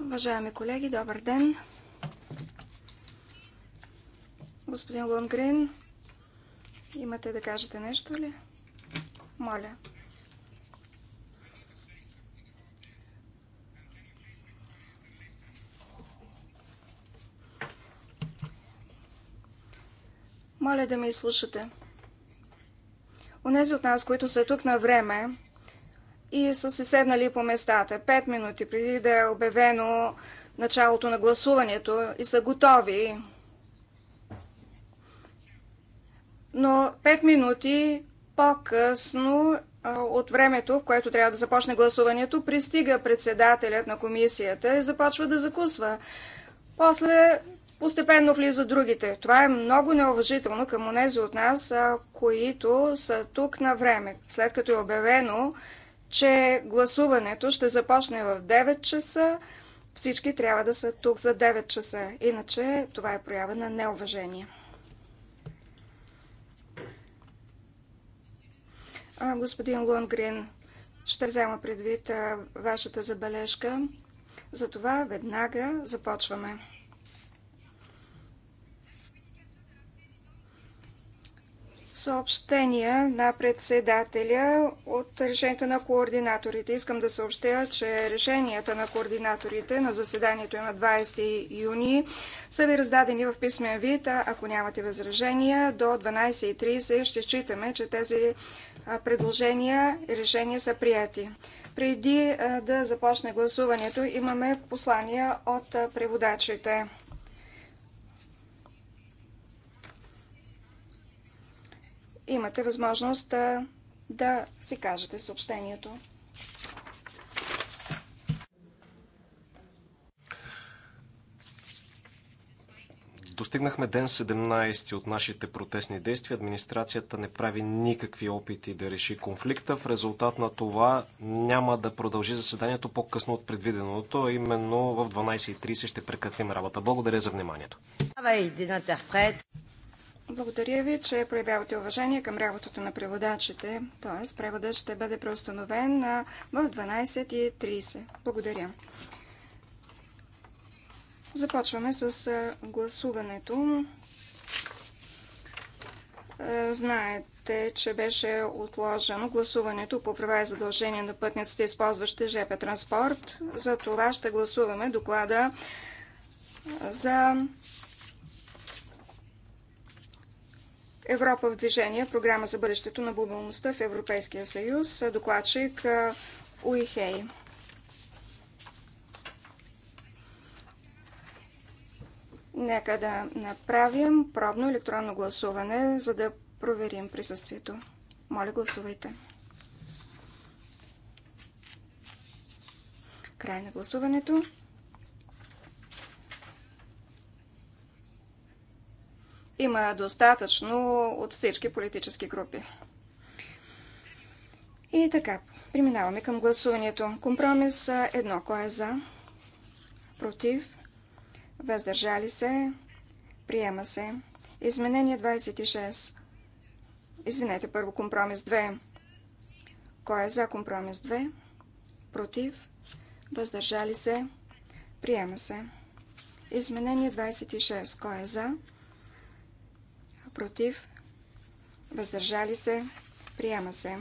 Уважаеми колеги, добър ден! Господин Лонгрин, имате да кажете нещо ли? Моля. Моля да ме изслушате. Онези от нас, които са тук на време, и са си седнали по местата. Пет минути преди да е обявено началото на гласуването и са готови. Но пет минути по-късно от времето, в което трябва да започне гласуването, пристига председателят на комисията и започва да закусва. После постепенно влиза другите. Това е много неуважително към онези от нас, които са тук на време. След като е обявено, че гласуването ще започне в 9 часа. Всички трябва да са тук за 9 часа. Иначе това е проява на неуважение. господин Лунгрин, ще взема предвид вашата забележка. Затова веднага започваме. съобщения на председателя от решението на координаторите. Искам да съобщя, че решенията на координаторите на заседанието на 20 юни са ви раздадени в писмен вид, ако нямате възражения, до 12.30 ще считаме, че тези предложения и решения са прияти. Преди да започне гласуването, имаме послания от преводачите. имате възможност да, да си кажете съобщението. Достигнахме ден 17 от нашите протестни действия. Администрацията не прави никакви опити да реши конфликта. В резултат на това няма да продължи заседанието по-късно от предвиденото. Именно в 12.30 ще прекратим работа. Благодаря за вниманието. Благодаря ви, че проявявате уважение към работата на преводачите, т.е. преводът ще бъде преустановен в 12.30. Благодаря. Започваме с гласуването. Знаете, че беше отложено гласуването по права и задължения на пътниците, използващи ЖП транспорт. За това ще гласуваме доклада за Европа в движение, програма за бъдещето на глобалността в Европейския съюз, докладчик УИХЕЙ. Нека да направим пробно електронно гласуване, за да проверим присъствието. Моля, гласувайте. Край на гласуването. Има достатъчно от всички политически групи. И така, преминаваме към гласуването. Компромис едно. Кой е за? Против? Въздържали се? Приема се. Изменение 26. Извинете, първо компромис 2. Кой е за компромис 2? Против? Въздържали се? Приема се. Изменение 26. Кой е за? Против? против, въздържали се, приема се.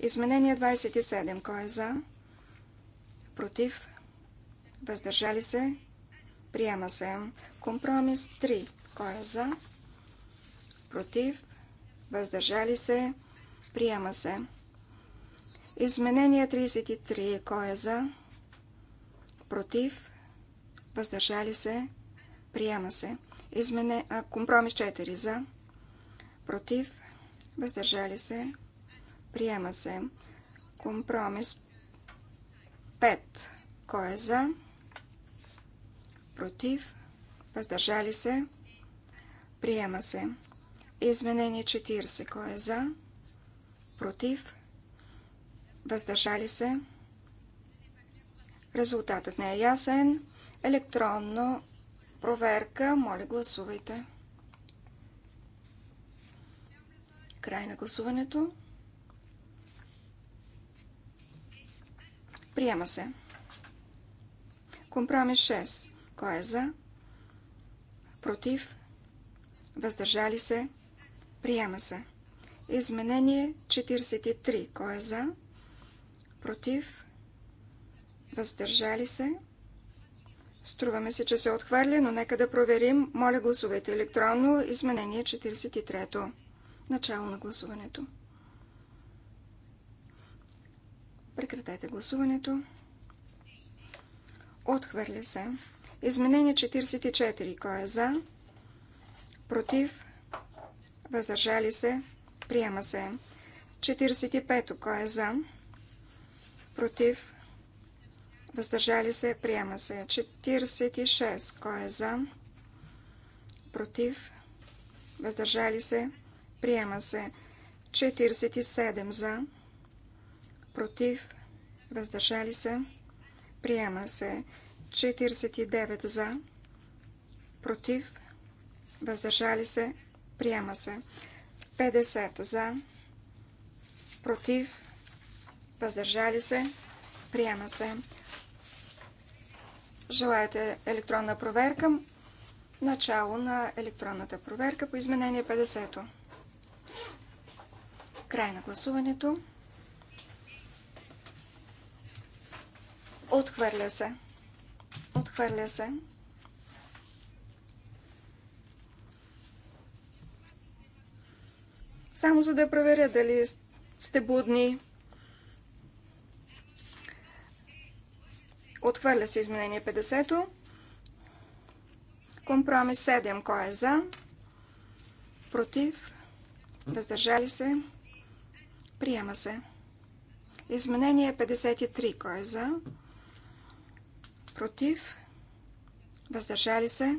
Изменение 27. Кой е за? Против, въздържали се, приема се. Компромис 3. Кой е за? Против, въздържали се, приема се. Изменение 33. Кой е за? Против, въздържали се, приема се. Измене... А, компромис 4 за, против, въздържали се, приема се. Компромис 5. Кой е за? Против, въздържали се, приема се. Изменение 40. Кой е за? Против, въздържали се. Резултатът не е ясен. Електронно проверка. Моля, гласувайте. Край на гласуването. Приема се. Компромис 6. Кой е за? Против? Въздържали се? Приема се. Изменение 43. Кой е за? Против? Въздържали се? Струваме се, че се е отхвърля, но нека да проверим. Моля гласувайте електронно. Изменение 43. Начало на гласуването. Прекратете гласуването. Отхвърля се. Изменение 44. Кой е за? Против? Въздържали се? Приема се. 45. Кой е за? Против? Въздържали се? Приема се. 46. Кой е за? Против? Въздържали се? Приема се. Приема се 47 за, против, въздържали се. Приема се 49 за, против, въздържали се. Приема се 50 за, против, въздържали се. Приема се. Желаете електронна проверка? Начало на електронната проверка по изменение 50-то. Край на гласуването. Отхвърля се. Отхвърля се. Само за да проверя дали сте будни. Отхвърля се изменение 50-то. Компромис 7. Кой е за? Против? Въздържали се? Приема се. Изменение 53. Кой е за? Против? Въздържали се?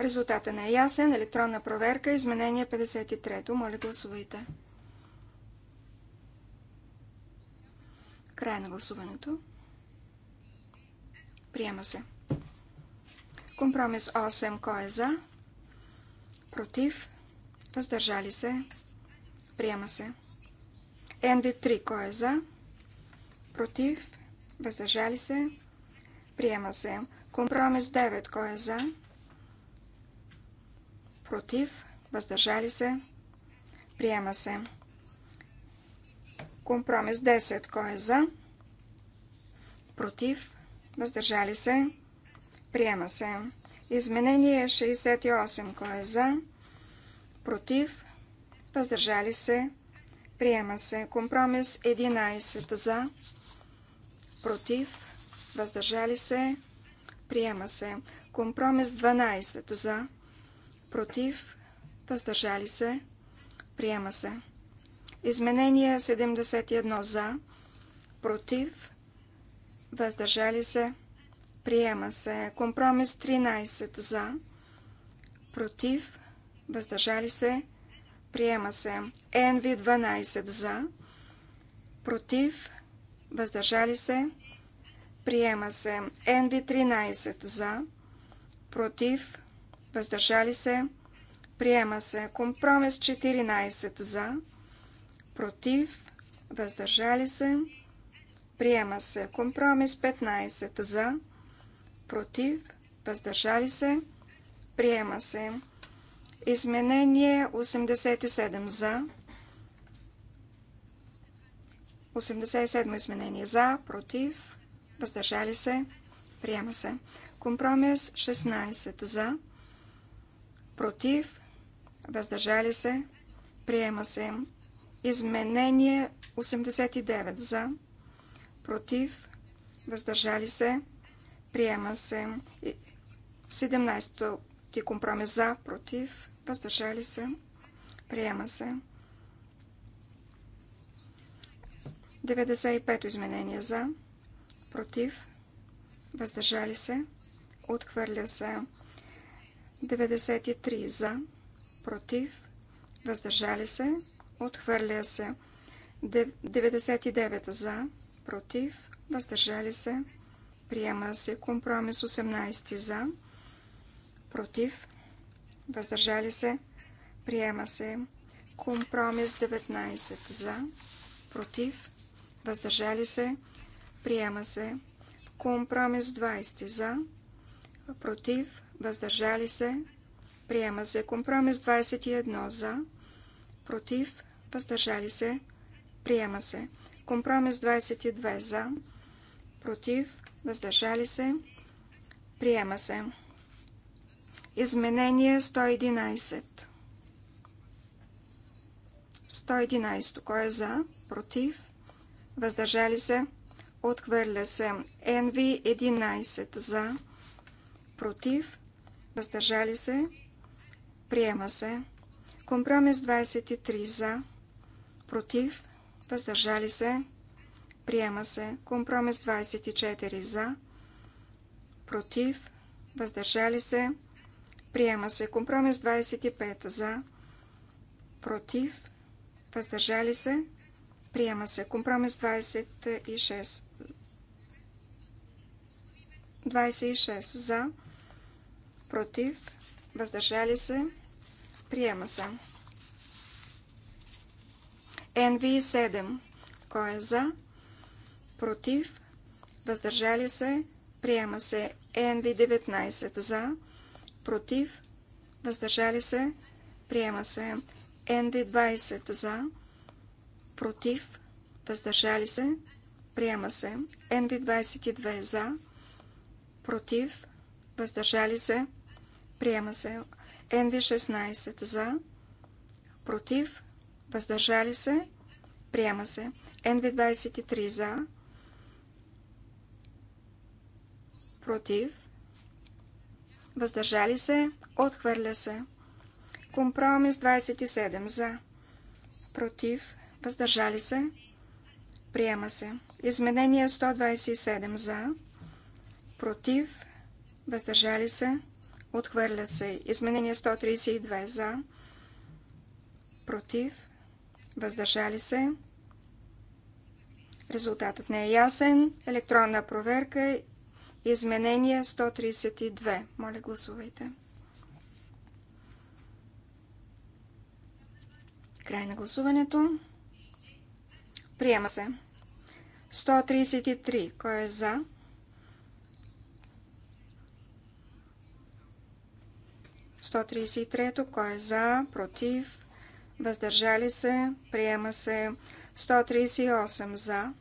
Резултата не е ясен. Електронна проверка. Изменение 53. Моля гласувайте. Край на гласуването. Приема се. Компромис 8. Кой е за? Против? Въздържали се? Приема се. НВ3. Кой е за? Против? Въздържали се? Приема се. Компромис 9. Кой е за? Против? Въздържали се? Приема се. Компромис 10. Кой е за? Против? Въздържали се? Приема се. Изменение 68. Кой е за? Против? Въздържали се? Приема се. Приема се. Компромис 11 за. Против. Въздържали се. Приема се. Компромис 12 за. Против. Въздържали се. Приема се. Изменение 71 за. Против. Въздържали се. Приема се. Компромис 13 за. Против. Въздържали се. Приема се. НВ 12 за. Против. Въздържали се. Приема се. НВ 13 за. Против. Въздържали се. Приема се. Компромис 14 за. Против. Въздържали се. Приема се. Компромис 15 за. Против. Въздържали се. Приема се. Изменение 87 за. 87 изменение за, против, въздържали се, приема се. Компромис 16 за, против, въздържали се, приема се. Изменение 89 за, против, въздържали се, приема се. 17 ти компромис за, против, въздържали се, приема се. 95 изменение за, против, въздържали се, отхвърля се. 93 за, против, въздържали се, отхвърля се. 99 за, против, въздържали се, приема се. Компромис 18 за, против, въздържали се, приема се. Компромис 19 за, против, въздържали се, приема се. Компромис 20 за, против, въздържали се, приема се. Компромис 21 за, против, въздържали се, приема се. Компромис 22 за, против, въздържали се, приема се. Изменение 111. 111. Кой е за? Против? Въздържали се? Отхвърля се. NV 11. За? Против? Въздържали се? Приема се. Компромис 23. За? Против? Въздържали се? Приема се. Компромис 24. За? Против? Въздържали се? Приема се. Компромис 25 за. Против. Въздържали се. Приема се. Компромис 26. 26 за. Против. Въздържали се. Приема се. NV7. Кой е за? Против. Въздържали се. Приема се. NV19 за против, въздържали се, приема се. NV20 за, против, въздържали се, приема се. NV22 за, против, въздържали се, приема се. NV16 за, против, въздържали се, приема се. NV23 за, против, въздържали се, отхвърля се. Компромис 27 за, против, въздържали се, приема се. Изменение 127 за, против, въздържали се, отхвърля се. Изменение 132 за, против, въздържали се. Резултатът не е ясен. Електронна проверка Изменение 132. Моля, гласувайте. Край на гласуването. Приема се. 133. Кой е за? Сто Кой е за? Против? Въздържали се? Приема се. 138 за.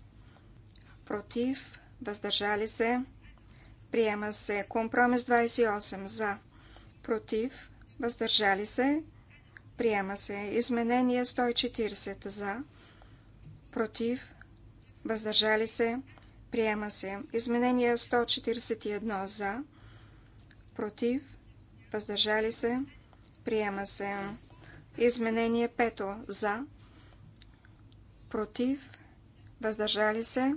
Против? Въздържали се? Приема се компромис 28 за, против, въздържали се. Приема се изменение 140 за, против, въздържали се. Приема се изменение 141 за, против, въздържали се. Приема се изменение 5 за, против, въздържали се.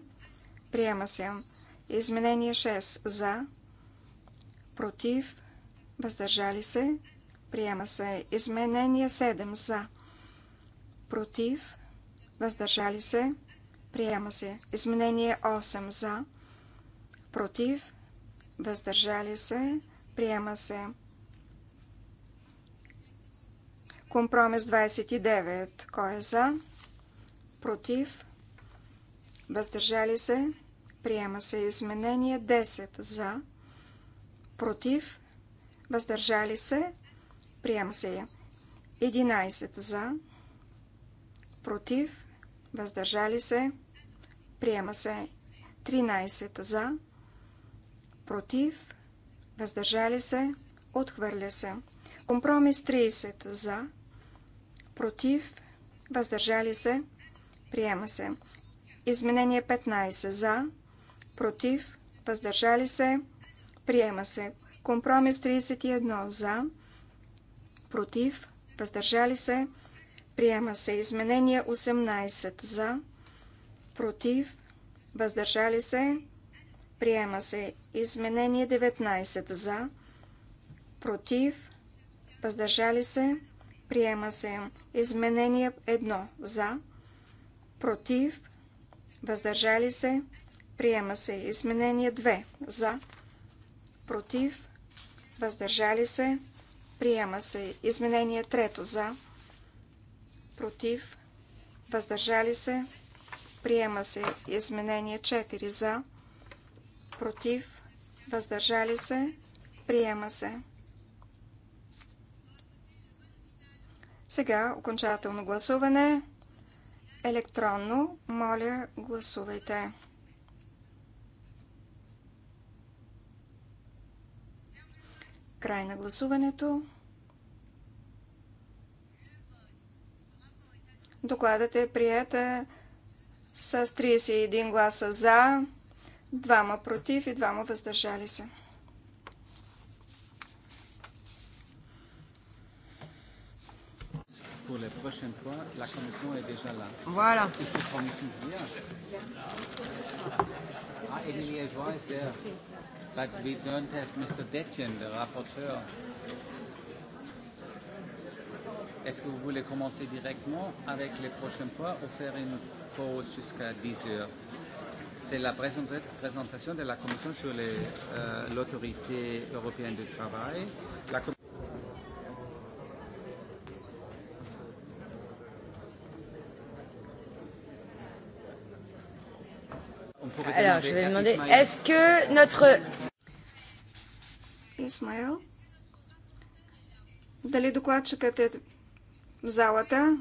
Приема се. Изменение 6. За. Против. Въздържали се. Приема се. Изменение 7. За. Против. Въздържали се. Приема се. Изменение 8. За. Против. Въздържали се. Приема се. Компромис 29. Кой е за? Против? Въздържали се? Приема се изменение 10 за, против, въздържали се. Приема се 11 за, против, въздържали се. Приема се 13 за, против, въздържали се, отхвърля се. Компромис 30 за, против, въздържали се, приема се. Изменение 15 за, против, въздържали се, приема се. Компромис 31 за, против, въздържали се, приема се. Изменение 18 за, против, въздържали се, приема се. Изменение 19 за, против, въздържали се, приема се. Изменение 1 за, против, въздържали се, Приема се изменение 2. За. Против. Въздържали се. Приема се изменение 3. За. Против. Въздържали се. Приема се изменение 4. За. Против. Въздържали се. Приема се. Сега окончателно гласуване. Електронно, моля, гласувайте. Край на гласуването. Докладът е прият с 31 гласа за, 2 против и 2 въздържали се. pour les prochains points, la commission est déjà là. Voilà. Il faut qu'on étudie. Ah, Émilie Joie, c'est... But we don't have Mr. Detjen, the rapporteur. Est-ce que vous voulez commencer directement avec les prochains points ou faire une pause jusqu'à 10 heures C'est la présentation de la Commission sur l'autorité euh, européenne du travail. La Alors, je vais demander, est-ce que notre Исмаил. Дали докладчикът е в залата?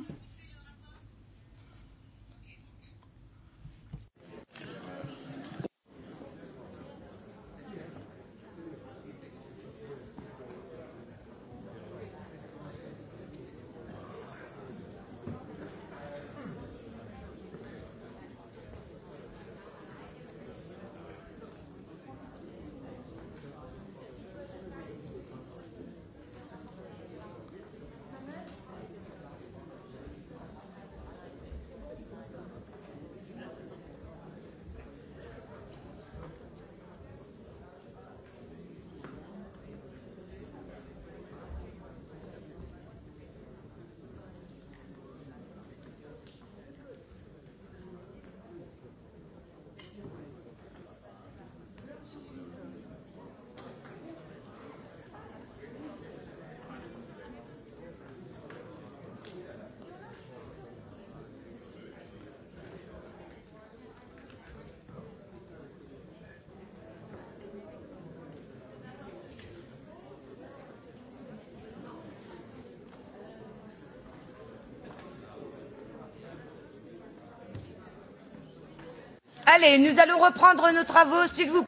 Далее, nous allons reprendre nos travaux, s'il vous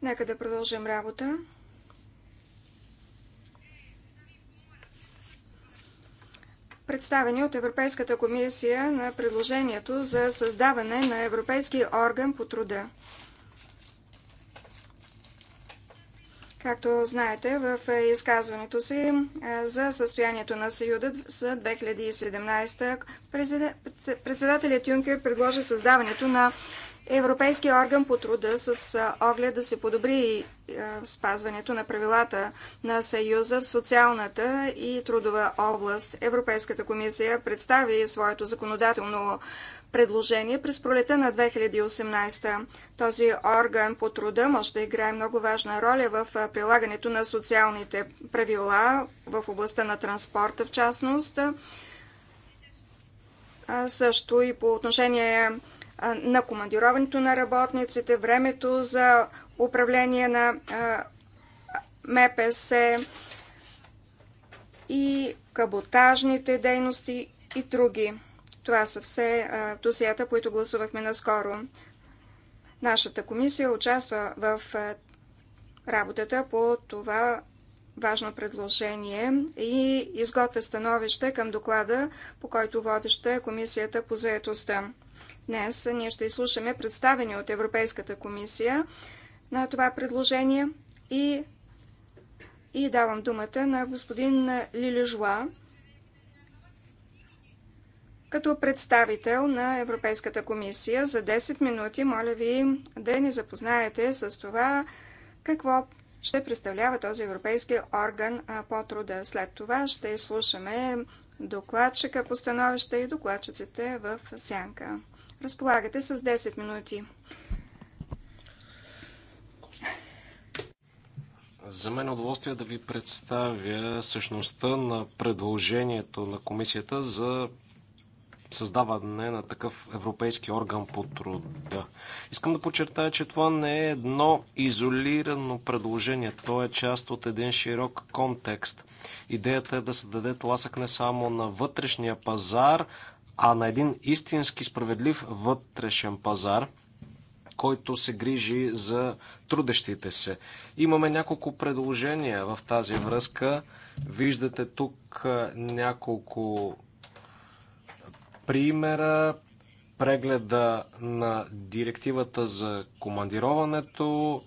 Нека да продължим работа. Представени от Европейската комисия на предложението за създаване на Европейски орган по труда. Както знаете, в изказването си е, за състоянието на Съюда с 2017 председателят Юнкер предложи създаването на Европейския орган по труда с оглед да се подобри спазването на правилата на Съюза в социалната и трудова област. Европейската комисия представи своето законодателно предложение през пролета на 2018. Този орган по труда може да играе много важна роля в прилагането на социалните правила в областта на транспорта в частност, също и по отношение на командироването на работниците, времето за управление на МПС и каботажните дейности и други. Това са все досията, които гласувахме наскоро. Нашата комисия участва в работата по това важно предложение и изготвя становище към доклада, по който водеща е Комисията по заетостта. Днес ние ще изслушаме представени от Европейската комисия на това предложение и, и давам думата на господин Жуа, като представител на Европейската комисия за 10 минути. Моля ви да ни запознаете с това какво ще представлява този европейски орган по труда. След това ще изслушаме докладчика по становище и докладчиците в сянка. Разполагате с 10 минути. За мен е удоволствие да ви представя същността на предложението на комисията за създаване на такъв европейски орган по труда. Искам да подчертая, че това не е едно изолирано предложение. То е част от един широк контекст. Идеята е да се даде тласък не само на вътрешния пазар, а на един истински справедлив вътрешен пазар, който се грижи за трудещите се. Имаме няколко предложения в тази връзка. Виждате тук няколко примера. Прегледа на директивата за командироването,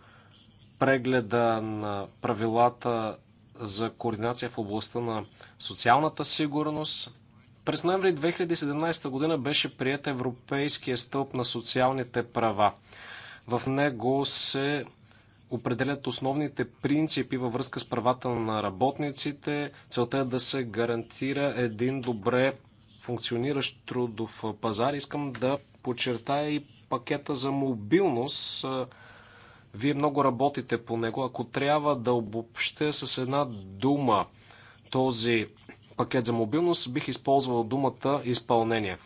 прегледа на правилата за координация в областта на социалната сигурност, през ноември 2017 година беше прият Европейския стълб на социалните права. В него се определят основните принципи във връзка с правата на работниците. Целта е да се гарантира един добре функциониращ трудов пазар. Искам да подчертая и пакета за мобилност. Вие много работите по него. Ако трябва да обобщя с една дума този пакет за мобилност, бих използвал думата изпълнение.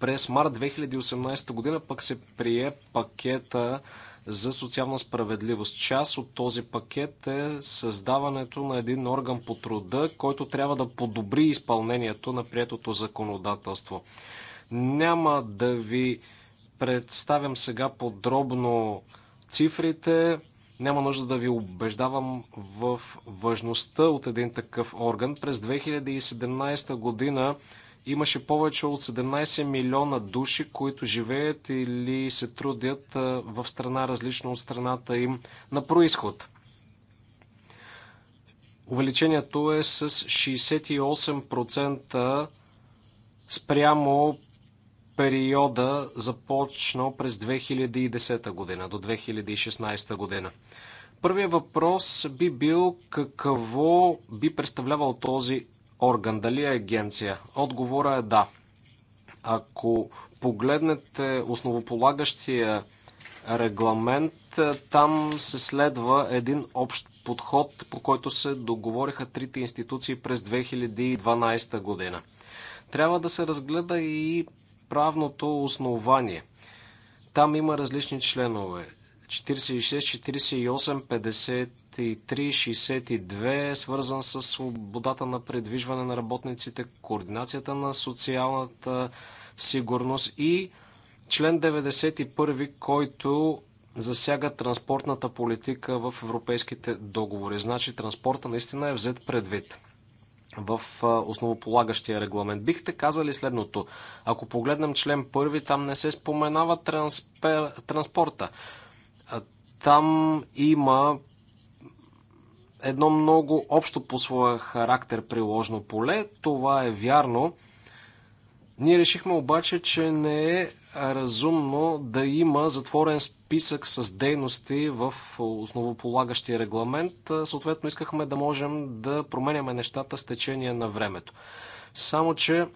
През март 2018 година пък се прие пакета за социална справедливост. Част от този пакет е създаването на един орган по труда, който трябва да подобри изпълнението на приетото законодателство. Няма да ви представям сега подробно цифрите. Няма нужда да ви убеждавам в важността от един такъв орган. През 2017 година имаше повече от 17 милиона души, които живеят или се трудят в страна различно от страната им на происход. Увеличението е с 68% спрямо периода започнал през 2010 година до 2016 година. Първият въпрос би бил какво би представлявал този орган, дали е агенция? Отговора е да. Ако погледнете основополагащия регламент, там се следва един общ подход, по който се договориха трите институции през 2012 година. Трябва да се разгледа и правното основание. Там има различни членове. 46, 48, 53, 62, свързан с свободата на предвижване на работниците, координацията на социалната сигурност и член 91, който засяга транспортната политика в европейските договори. Значи транспорта наистина е взет предвид в основополагащия регламент. Бихте казали следното. Ако погледнем член първи, там не се споменава транспер, транспорта. Там има едно много общо по своя характер приложно поле. Това е вярно, ние решихме обаче, че не е разумно да има затворен списък с дейности в основополагащия регламент. Съответно, искахме да можем да променяме нещата с течение на времето. Само, че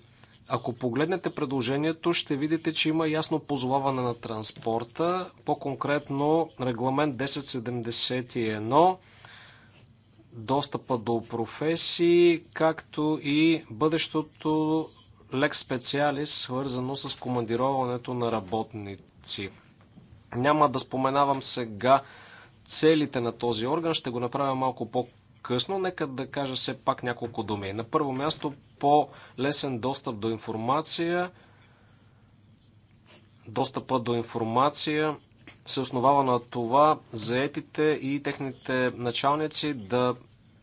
ако погледнете предложението, ще видите, че има ясно позоваване на транспорта, по-конкретно регламент 1071, достъпа до професии, както и бъдещото Лек специалис, свързано с командироването на работници. Няма да споменавам сега целите на този орган, ще го направя малко по-късно. Нека да кажа все пак няколко думи. На първо място, по-лесен достъп до информация. Достъпа до информация се основава на това заетите и техните началници да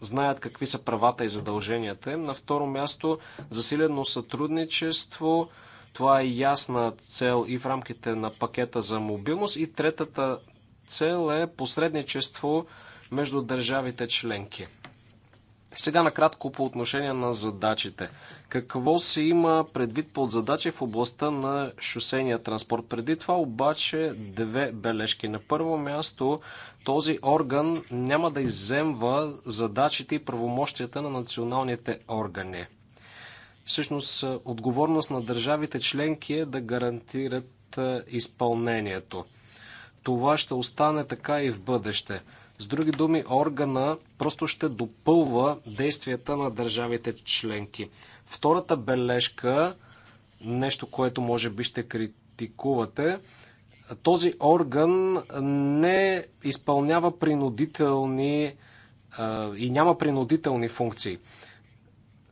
знаят какви са правата и задълженията им. На второ място, засилено сътрудничество. Това е ясна цел и в рамките на пакета за мобилност. И третата цел е посредничество между държавите членки. Сега накратко по отношение на задачите какво се има предвид под задача в областта на шосения транспорт. Преди това обаче две бележки. На първо място този орган няма да иземва задачите и правомощията на националните органи. Всъщност отговорност на държавите членки е да гарантират е, изпълнението. Това ще остане така и в бъдеще. С други думи, органа просто ще допълва действията на държавите членки. Втората бележка, нещо, което може би ще критикувате, този орган не изпълнява принудителни и няма принудителни функции.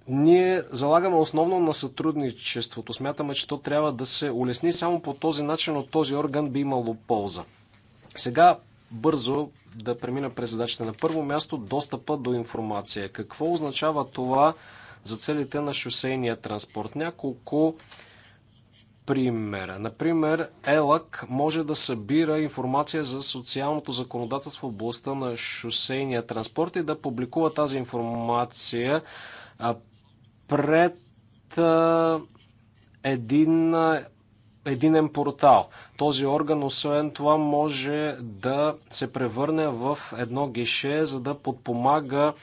Ние залагаме основно на сътрудничеството. Смятаме, че то трябва да се улесни само по този начин от този орган би имало полза. Сега бързо да премина през задачите. На първо място достъпа до информация. Какво означава това за целите на шосейния транспорт. Няколко примера. Например, ЕЛАК може да събира информация за социалното законодателство в областта на шосейния транспорт и да публикува тази информация пред един единен портал. Този орган, освен това, може да се превърне в едно гише, за да подпомага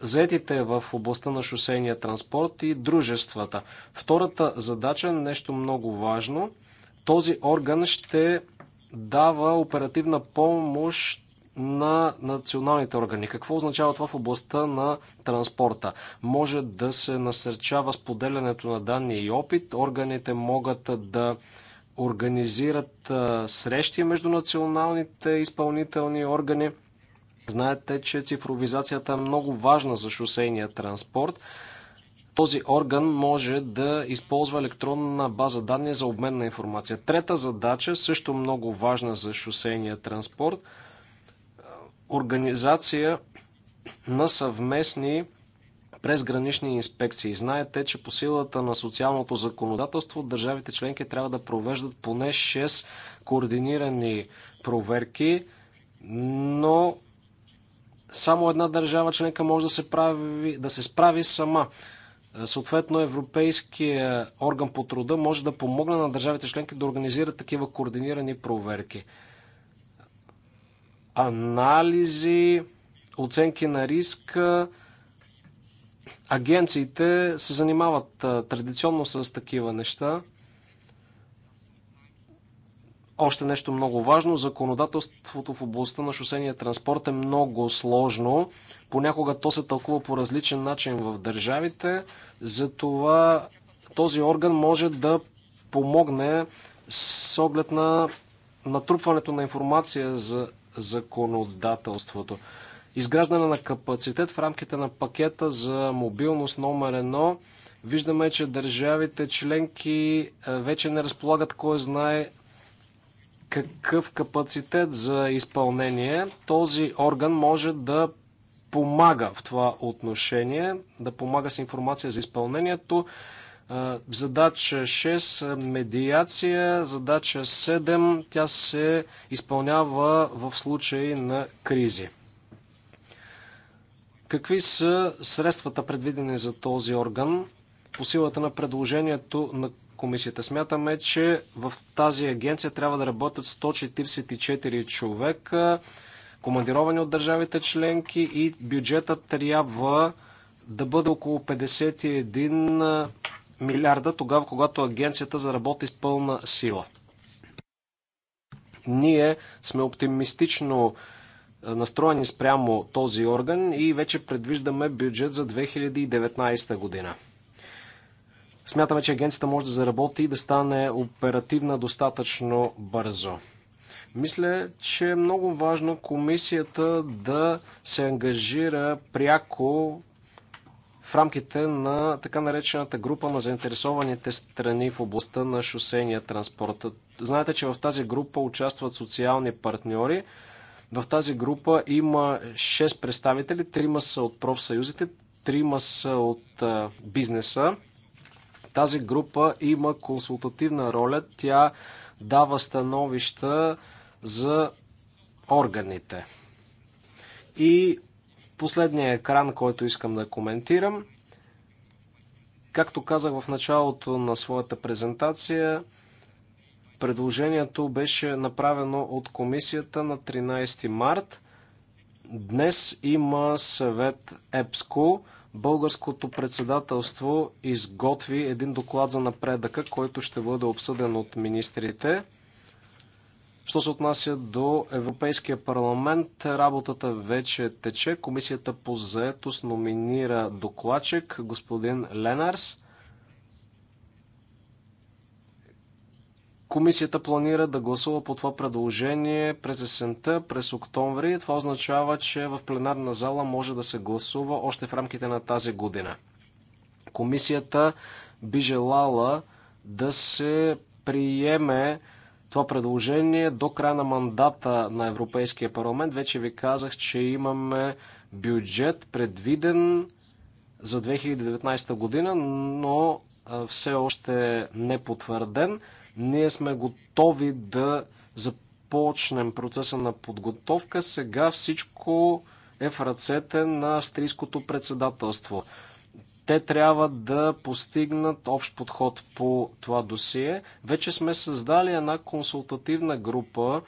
заетите в областта на шосейния транспорт и дружествата. Втората задача, нещо много важно, този орган ще дава оперативна помощ на националните органи. Какво означава това в областта на транспорта? Може да се насърчава споделянето на данни и опит. Органите могат да организират срещи между националните изпълнителни органи. Знаете, че цифровизацията е много важна за шосейния транспорт. Този орган може да използва електронна база данни за обмен на информация. Трета задача, също много важна за шосейния транспорт, организация на съвместни презгранични инспекции. Знаете, че по силата на социалното законодателство държавите членки трябва да провеждат поне 6 координирани проверки, но само една държава членка може да се, прави, да се справи сама. Е, съответно, Европейския орган по труда може да помогне на държавите членки да организират такива координирани проверки. Анализи, оценки на риска. Агенциите се занимават е, традиционно с такива неща. Още нещо много важно. Законодателството в областта на шосения транспорт е много сложно. Понякога то се тълкува по различен начин в държавите. Затова този орган може да помогне с оглед на натрупването на информация за законодателството. Изграждане на капацитет в рамките на пакета за мобилност номер 1. Виждаме, че държавите членки е, вече не разполагат кой знае какъв капацитет за изпълнение този орган може да помага в това отношение, да помага с информация за изпълнението. Задача 6 медиация, задача 7 тя се изпълнява в случай на кризи. Какви са средствата предвидени за този орган? по силата на предложението на комисията. Смятаме, че в тази агенция трябва да работят 144 човека, командировани от държавите членки и бюджета трябва да бъде около 51 милиарда тогава, когато агенцията заработи с пълна сила. Ние сме оптимистично настроени спрямо този орган и вече предвиждаме бюджет за 2019 година. Смятаме, че агенцията може да заработи и да стане оперативна достатъчно бързо. Мисля, че е много важно комисията да се ангажира пряко в рамките на така наречената група на заинтересованите страни в областта на шосения транспорт. Знаете, че в тази група участват социални партньори. В тази група има 6 представители, трима са от профсъюзите, трима са от бизнеса. Тази група има консултативна роля. Тя дава становища за органите. И последния екран, който искам да коментирам. Както казах в началото на своята презентация, предложението беше направено от комисията на 13 март. Днес има съвет ЕПСКО. Българското председателство изготви един доклад за напредъка, който ще бъде обсъден от министрите. Що се отнася до Европейския парламент, работата вече тече. Комисията по заетост номинира докладчик господин Ленарс. Комисията планира да гласува по това предложение през есента, през октомври. Това означава, че в пленарна зала може да се гласува още в рамките на тази година. Комисията би желала да се приеме това предложение до края на мандата на Европейския парламент. Вече ви казах, че имаме бюджет предвиден за 2019 година, но все още не потвърден. Ние сме готови да започнем процеса на подготовка. Сега всичко е в ръцете на австрийското председателство. Те трябва да постигнат общ подход по това досие. Вече сме създали една консултативна група.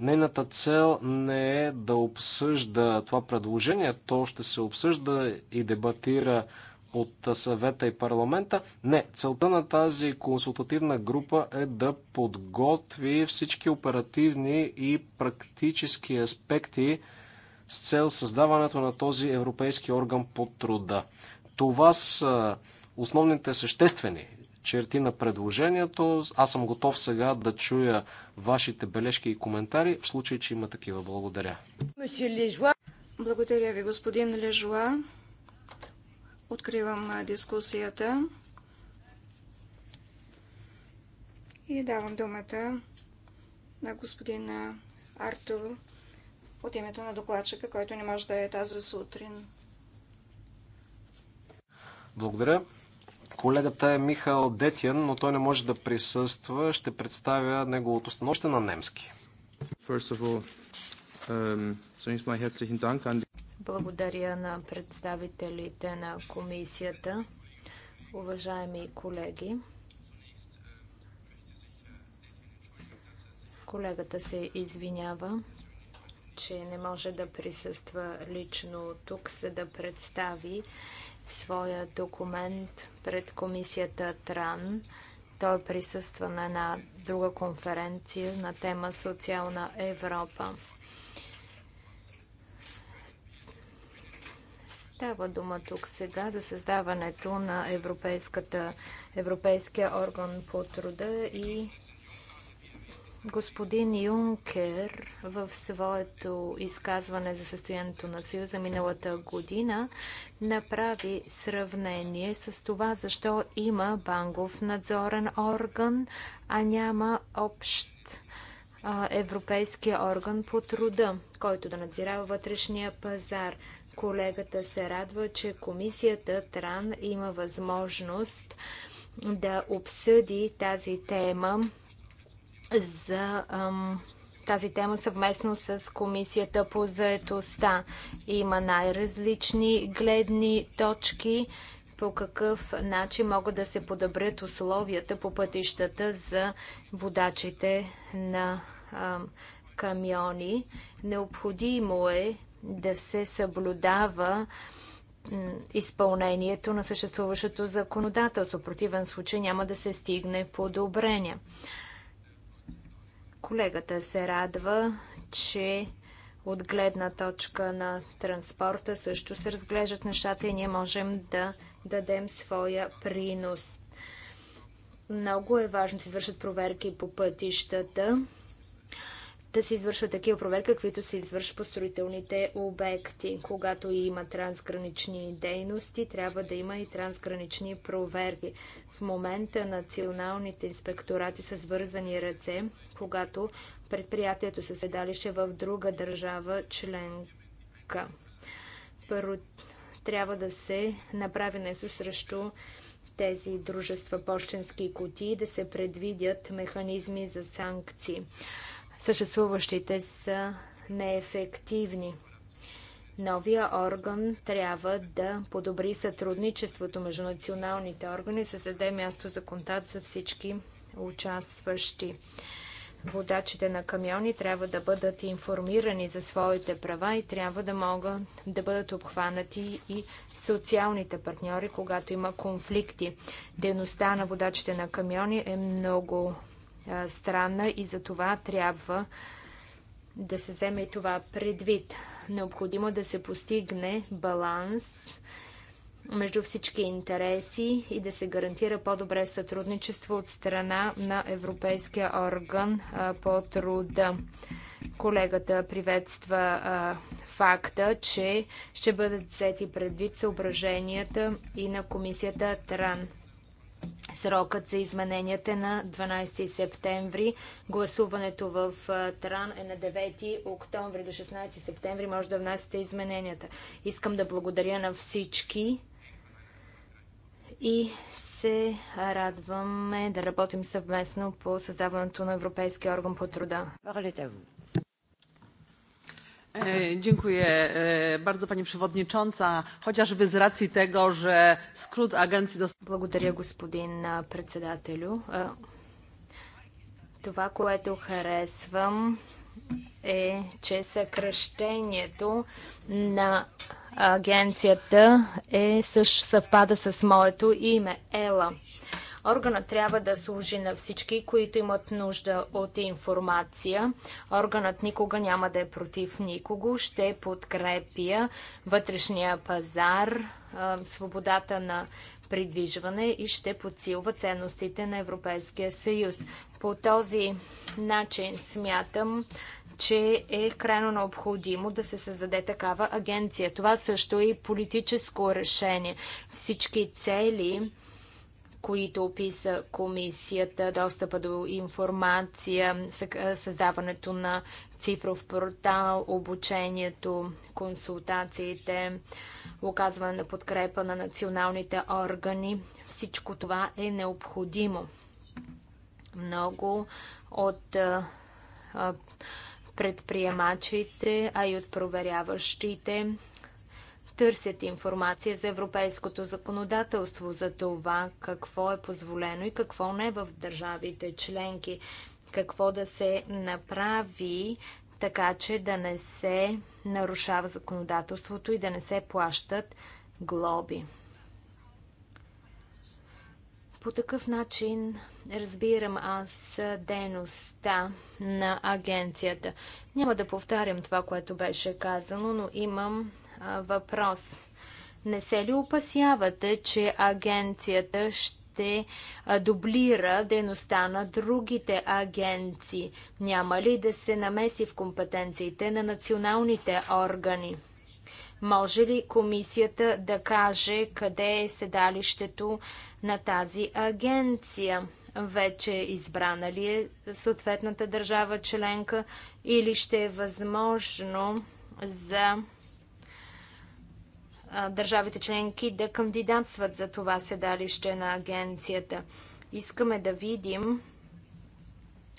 Нейната цел не е да обсъжда това предложение, то ще се обсъжда и дебатира от съвета и парламента. Не, целта на тази консултативна група е да подготви всички оперативни и практически аспекти с цел създаването на този европейски орган по труда. Това са основните съществени черти на предложението. Аз съм готов сега да чуя вашите бележки и коментари, в случай, че има такива. Благодаря. Благодаря ви, господин Лежуа. Откривам дискусията и давам думата на господин Артур от името на докладчика, който не може да е тази сутрин. Благодаря. Колегата е Михал Детян, но той не може да присъства. Ще представя неговото становище на немски. Um, благодаря на представителите на комисията, уважаеми колеги. Колегата се извинява, че не може да присъства лично тук, за да представи своя документ пред комисията ТРАН. Той присъства на една друга конференция на тема Социална Европа. Става дума тук сега за създаването на Европейската, Европейския орган по труда и господин Юнкер в своето изказване за състоянието на Съюза миналата година направи сравнение с това защо има банков надзорен орган, а няма общ европейския орган по труда, който да надзирава вътрешния пазар. Колегата се радва, че комисията Тран има възможност да обсъди тази тема за тази тема съвместно с Комисията по заетостта. Има най-различни гледни точки по какъв начин могат да се подобрят условията по пътищата за водачите на камиони. Необходимо е да се съблюдава изпълнението на съществуващото законодателство. В противен случай няма да се стигне подобрение. Колегата се радва, че от гледна точка на транспорта също се разглеждат нещата и ние можем да дадем своя принос. Много е важно да се извършат проверки по пътищата да се извършват такива проверки, каквито се извършват по строителните обекти. Когато има трансгранични дейности, трябва да има и трансгранични проверки. В момента националните инспекторати са свързани ръце, когато предприятието се седалище в друга държава членка. Първо трябва да се направи нещо срещу тези дружества почтенски кутии, да се предвидят механизми за санкции съществуващите са неефективни. Новия орган трябва да подобри сътрудничеството между националните органи, създаде място за контакт за всички участващи. Водачите на камиони трябва да бъдат информирани за своите права и трябва да могат да бъдат обхванати и социалните партньори, когато има конфликти. Дейността на водачите на камиони е много страна и за това трябва да се вземе и това предвид. Необходимо да се постигне баланс между всички интереси и да се гарантира по-добре сътрудничество от страна на Европейския орган по труда. Колегата приветства а, факта, че ще бъдат взети предвид съображенията и на комисията ТРАН. Срокът за измененията е на 12 септември. Гласуването в Тран е на 9 октомври до 16 септември. Може да внасяте измененията. Искам да благодаря на всички и се радваме да работим съвместно по създаването на Европейския орган по труда. Благодаря. E, dziękuję e, bardzo Pani Przewodnicząca. Chociażby z racji tego, że skrót agencji... Благодаря, господин председателю. Това, което харесвам е, че съкръщението на агенцията е, съвпада с моето име Ела. Органът трябва да служи на всички, които имат нужда от информация. Органът никога няма да е против никого, ще подкрепя вътрешния пазар, свободата на придвижване и ще подсилва ценностите на Европейския съюз. По този начин смятам, че е крайно необходимо да се създаде такава агенция. Това също е и политическо решение. Всички цели, които описа комисията, достъпа до информация, създаването на цифров портал, обучението, консултациите, оказване на подкрепа на националните органи. Всичко това е необходимо. Много от предприемачите, а и от проверяващите търсят информация за европейското законодателство, за това какво е позволено и какво не в държавите членки, какво да се направи, така че да не се нарушава законодателството и да не се плащат глоби. По такъв начин разбирам аз дейността на агенцията. Няма да повтарям това, което беше казано, но имам въпрос. Не се ли опасявате, че агенцията ще дублира дейността на другите агенции? Няма ли да се намеси в компетенциите на националните органи? Може ли комисията да каже къде е седалището на тази агенция? Вече избрана ли е съответната държава членка или ще е възможно за държавите членки да кандидатстват за това седалище на агенцията. Искаме да видим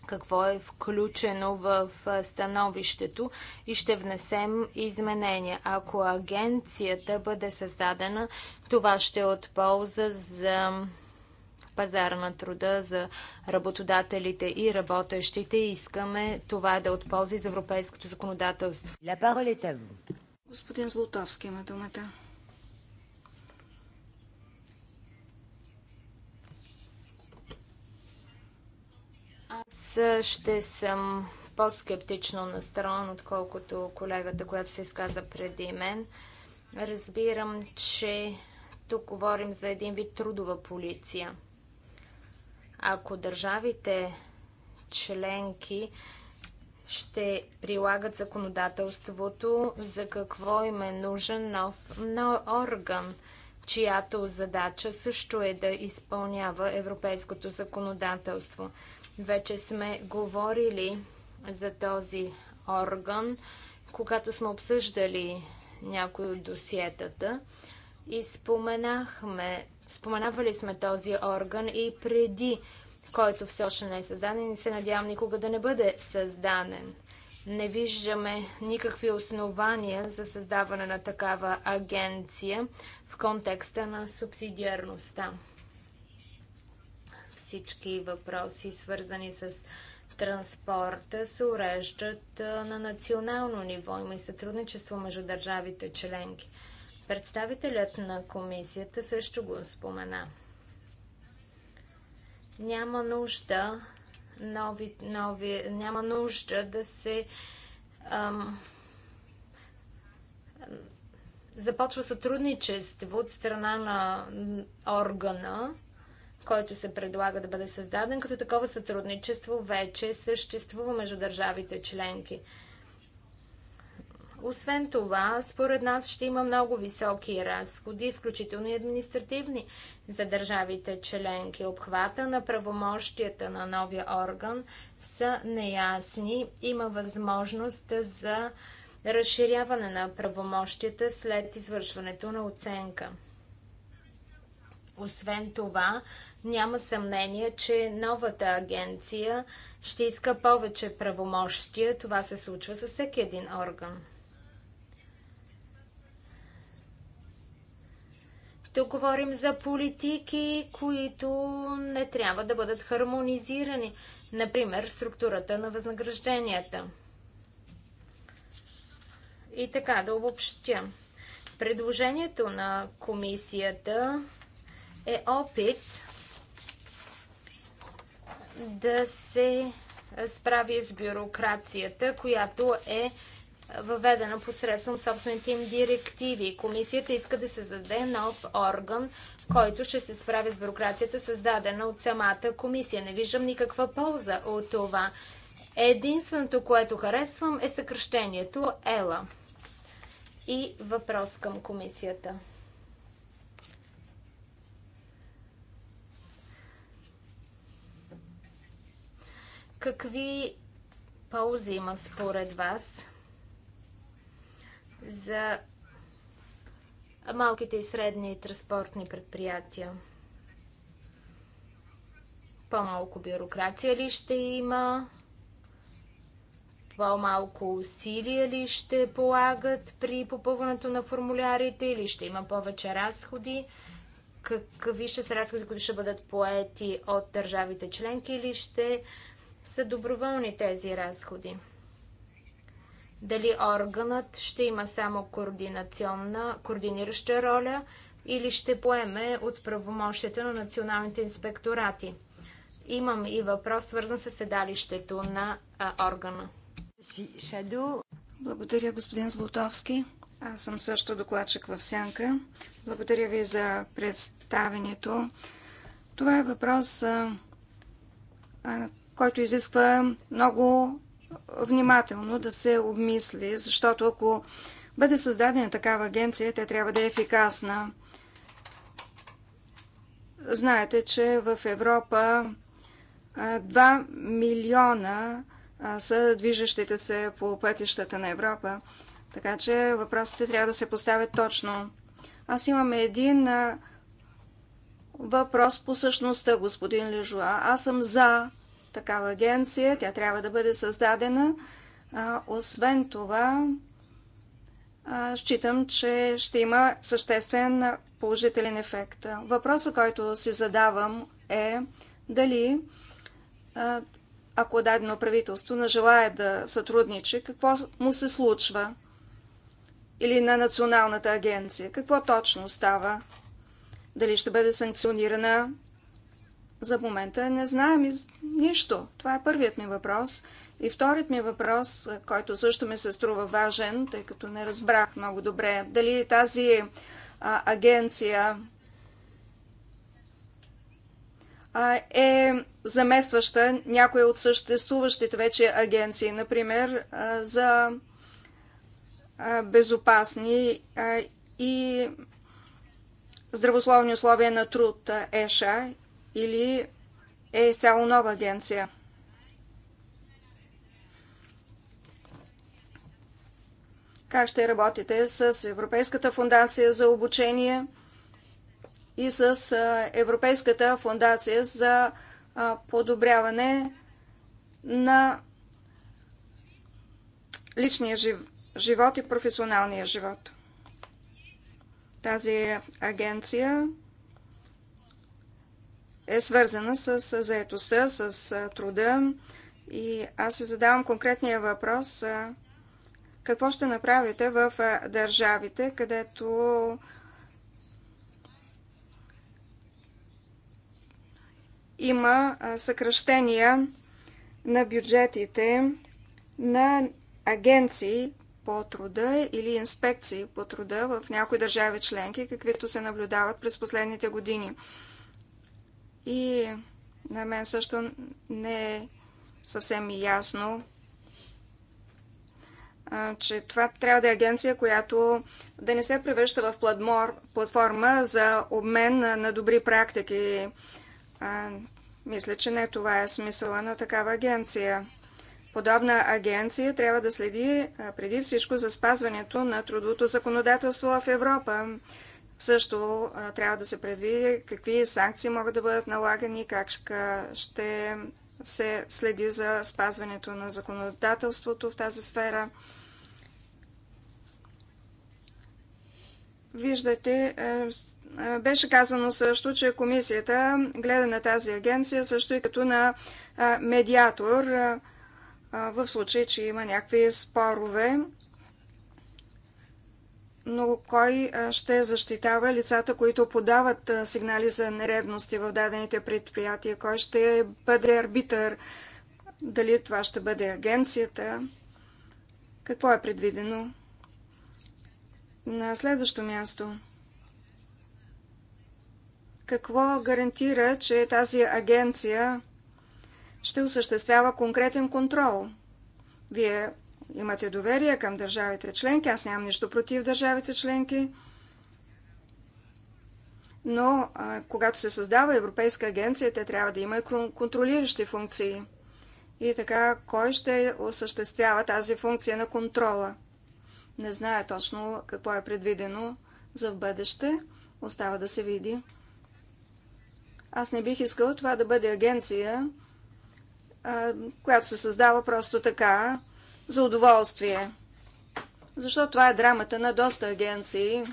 какво е включено в становището и ще внесем изменения. Ако агенцията бъде създадена, това ще е от полза за пазара на труда, за работодателите и работещите. Искаме това да е от полза за европейското законодателство. La parole est à vous. Господин Злотовски има думата. Аз ще съм по-скептично настроен, отколкото колегата, която се изказа преди мен. Разбирам, че тук говорим за един вид трудова полиция. Ако държавите членки ще прилагат законодателството, за какво им е нужен нов, орган, чиято задача също е да изпълнява европейското законодателство. Вече сме говорили за този орган, когато сме обсъждали някои от досиетата и споменахме, споменавали сме този орган и преди който все още не е създаден и се надявам никога да не бъде създаден. Не виждаме никакви основания за създаване на такава агенция в контекста на субсидиарността. Всички въпроси, свързани с транспорта, се уреждат на национално ниво. Има и сътрудничество между държавите членки. Представителят на комисията също го спомена. Няма нужда, нови, нови, няма нужда да се ам, започва сътрудничество от страна на органа, който се предлага да бъде създаден, като такова сътрудничество вече съществува между държавите членки. Освен това, според нас ще има много високи разходи, включително и административни за държавите членки. Обхвата на правомощията на новия орган са неясни. Има възможност за разширяване на правомощията след извършването на оценка. Освен това, няма съмнение, че новата агенция ще иска повече правомощия. Това се случва със всеки един орган. Тук говорим за политики, които не трябва да бъдат хармонизирани. Например, структурата на възнагражденията. И така да обобщя. Предложението на комисията е опит да се справи с бюрокрацията, която е въведена посредством собствените им директиви. Комисията иска да се заде нов орган, който ще се справи с бюрокрацията, създадена от самата комисия. Не виждам никаква полза от това. Единственото, което харесвам е съкръщението ЕЛА. И въпрос към комисията. Какви ползи има според вас? за малките и средни транспортни предприятия. По-малко бюрокрация ли ще има? По-малко усилия ли ще полагат при попълването на формулярите или ще има повече разходи? Какви ще са разходи, които ще бъдат поети от държавите членки или ще са доброволни тези разходи? Дали органът ще има само координационна, координираща роля или ще поеме от правомощите на националните инспекторати. Имам и въпрос, свързан с седалището на а, органа. Благодаря, господин Златовски. Аз съм също докладчик в Сянка. Благодаря ви за представенето. Това е въпрос, който изисква много внимателно да се обмисли, защото ако бъде създадена такава агенция, тя трябва да е ефикасна. Знаете, че в Европа 2 милиона са движещите се по пътищата на Европа. Така че въпросите трябва да се поставят точно. Аз имам един въпрос по същността, господин Лежуа. Аз съм за такава агенция. Тя трябва да бъде създадена. А, освен това, а, считам, че ще има съществен положителен ефект. Въпросът, който си задавам е дали а, ако дадено правителство не желая да сътрудничи, какво му се случва? Или на Националната агенция? Какво точно става? Дали ще бъде санкционирана за момента не знаем нищо. Това е първият ми въпрос. И вторият ми въпрос, който също ми се струва важен, тъй като не разбрах много добре, дали тази а, агенция а, е заместваща някоя от съществуващите вече агенции, например, а, за а, безопасни а, и здравословни условия на труд ЕША или е изцяло нова агенция? Как ще работите с Европейската фундация за обучение и с Европейската фундация за подобряване на личния живот и професионалния живот? Тази агенция е свързана с заетостта, с труда. И аз се задавам конкретния въпрос. Какво ще направите в държавите, където има съкръщения на бюджетите на агенции по труда или инспекции по труда в някои държави членки, каквито се наблюдават през последните години. И на мен също не е съвсем ясно, че това трябва да е агенция, която да не се превръща в платформа за обмен на добри практики. Мисля, че не това е смисъла на такава агенция. Подобна агенция трябва да следи преди всичко за спазването на трудовото законодателство в Европа. Също трябва да се предвиди какви санкции могат да бъдат налагани, как ще се следи за спазването на законодателството в тази сфера. Виждате, беше казано също, че комисията гледа на тази агенция също и като на медиатор в случай, че има някакви спорове но кой ще защитава лицата, които подават сигнали за нередности в дадените предприятия? Кой ще бъде арбитър? Дали това ще бъде агенцията? Какво е предвидено? На следващо място. Какво гарантира, че тази агенция ще осъществява конкретен контрол? Вие имате доверие към държавите членки. Аз нямам нищо против държавите членки. Но а, когато се създава Европейска агенция, те трябва да има и контролиращи функции. И така, кой ще осъществява тази функция на контрола? Не знае точно какво е предвидено за в бъдеще. Остава да се види. Аз не бих искала това да бъде агенция, която се създава просто така, за удоволствие. Защото това е драмата на доста агенции.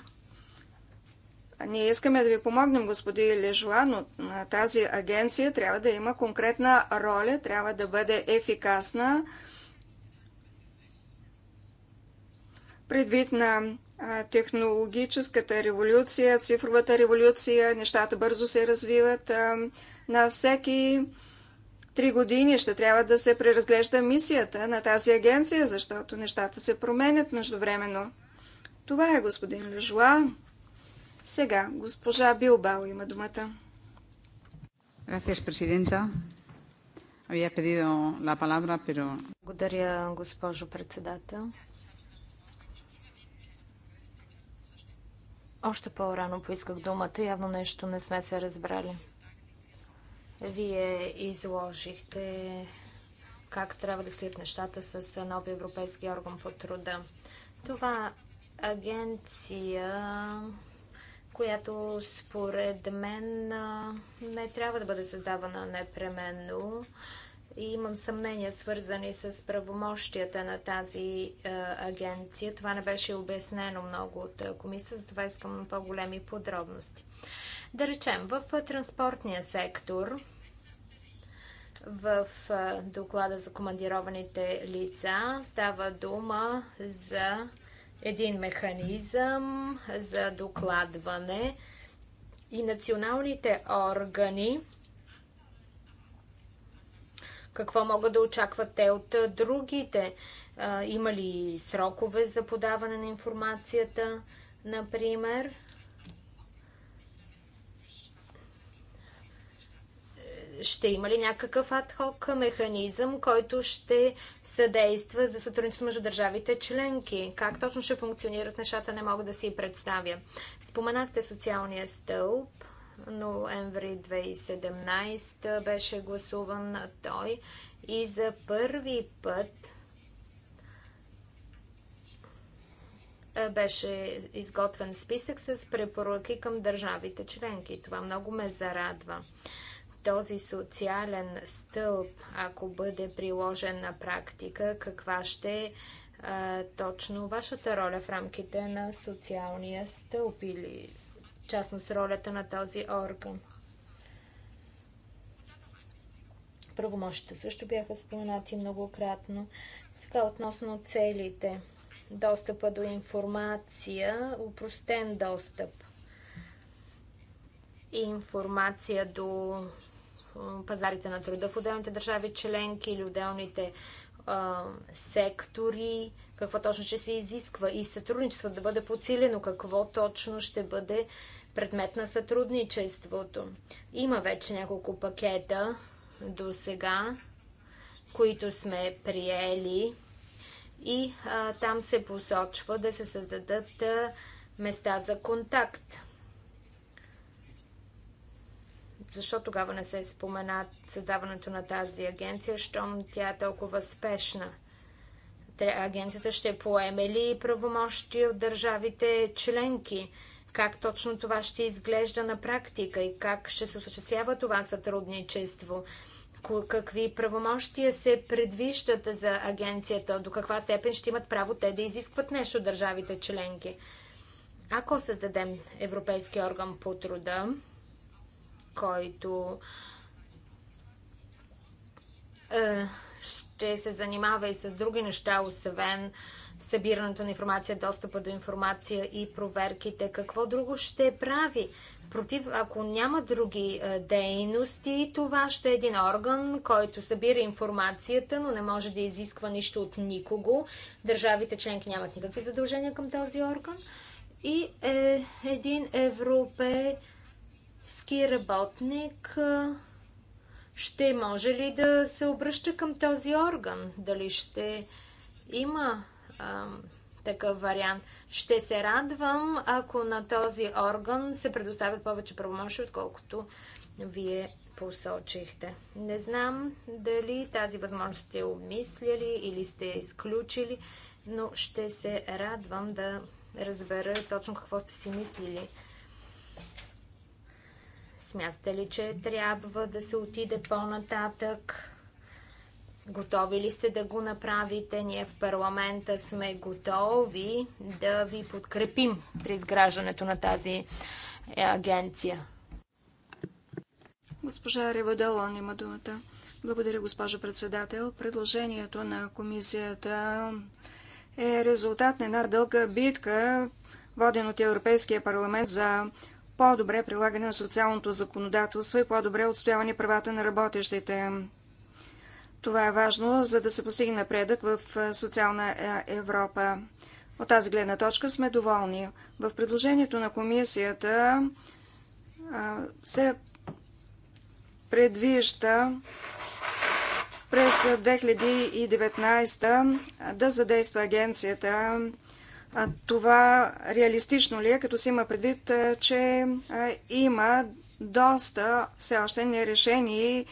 Ние искаме да ви помогнем, господи Лежуа, но тази агенция трябва да има конкретна роля, трябва да бъде ефикасна предвид на технологическата революция, цифровата революция, нещата бързо се развиват. На всеки три години ще трябва да се преразглежда мисията на тази агенция, защото нещата се променят междувременно. Това е господин Лежуа. Сега госпожа Билбао има думата. Gracias, президента. Había pedido la palabra, pero... Благодаря, госпожо председател. Още по-рано поисках думата, явно нещо не сме се разбрали. Вие изложихте как трябва да стоят нещата с новия европейски орган по труда. Това агенция, която според мен не трябва да бъде създавана непременно. И имам съмнения, свързани с правомощията на тази е, агенция. Това не беше обяснено много от комисията, затова искам по-големи подробности. Да речем, в транспортния сектор, в доклада за командированите лица става дума за един механизъм за докладване и националните органи какво могат да очакват те от другите? Има ли срокове за подаване на информацията, например? ще има ли някакъв адхок механизъм, който ще съдейства за сътрудничество между държавите членки? Как точно ще функционират нещата, не мога да си представя. Споменахте социалния стълб. Ноември 2017 беше гласуван той и за първи път е, беше изготвен списък с препоръки към държавите членки. Това много ме зарадва този социален стълб, ако бъде приложен на практика, каква ще е точно вашата роля в рамките на социалния стълб или частност ролята на този орган? Правомощите също бяха споменати многократно. Сега относно целите. Достъпа до информация, упростен достъп. И информация до пазарите на труда в отделните държави членки или отделните а, сектори, какво точно ще се изисква и сътрудничеството да бъде подсилено, какво точно ще бъде предмет на сътрудничеството. Има вече няколко пакета до сега, които сме приели и а, там се посочва да се създадат а, места за контакт защо тогава не се спомена създаването на тази агенция, щом тя е толкова спешна? Агенцията ще поеме ли правомощи от държавите членки? Как точно това ще изглежда на практика и как ще се осъществява това сътрудничество? Какви правомощия се предвиждат за агенцията? До каква степен ще имат право те да изискват нещо от държавите членки? Ако създадем Европейски орган по труда, който е, ще се занимава и с други неща, освен събирането на информация, достъпа до информация и проверките. Какво друго ще прави? Против, ако няма други е, дейности, това ще е един орган, който събира информацията, но не може да изисква нищо от никого. Държавите членки нямат никакви задължения към този орган. И е един европей ски работник ще може ли да се обръща към този орган? Дали ще има а, такъв вариант? Ще се радвам, ако на този орган се предоставят повече правомощи, отколкото вие посочихте. Не знам дали тази възможност сте обмисляли или сте изключили, но ще се радвам да разбера точно какво сте си мислили Смятате ли, че трябва да се отиде по-нататък? Готови ли сте да го направите? Ние в парламента сме готови да ви подкрепим при изграждането на тази е, агенция. Госпожа Реводелон има думата. Благодаря, госпожо председател. Предложението на комисията е резултат на една дълга битка, воден от Европейския парламент за по-добре прилагане на социалното законодателство и по-добре отстояване правата на работещите. Това е важно, за да се постигне напредък в социална Европа. От тази гледна точка сме доволни. В предложението на комисията се предвижда през 2019 да задейства агенцията а това реалистично ли е, като се има предвид, че има доста все още нерешени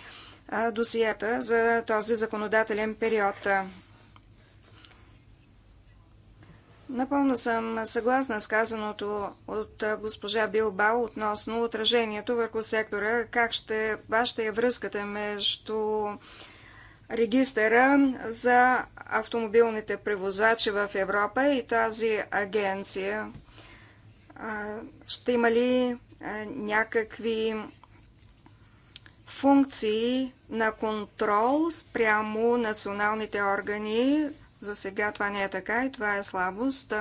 досиета за този законодателен период? Напълно съм съгласна с казаното от госпожа Билбао относно отражението върху сектора, как ще, вашата е връзката между регистъра за автомобилните превозачи в Европа и тази агенция? Ще има ли някакви функции на контрол спрямо националните органи? За сега това не е така и това е слабост.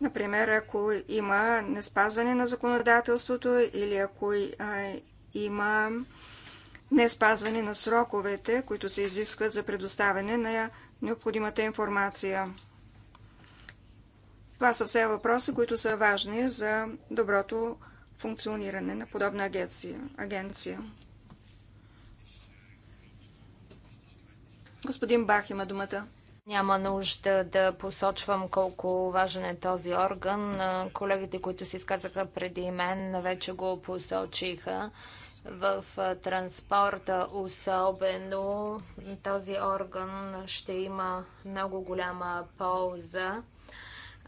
Например, ако има неспазване на законодателството или ако има не спазване на сроковете, които се изискват за предоставяне на необходимата информация. Това са все въпроси, които са важни за доброто функциониране на подобна агенция. Господин Бах има думата. Няма нужда да посочвам колко важен е този орган. Колегите, които си изказаха преди мен, вече го посочиха в транспорта особено този орган ще има много голяма полза.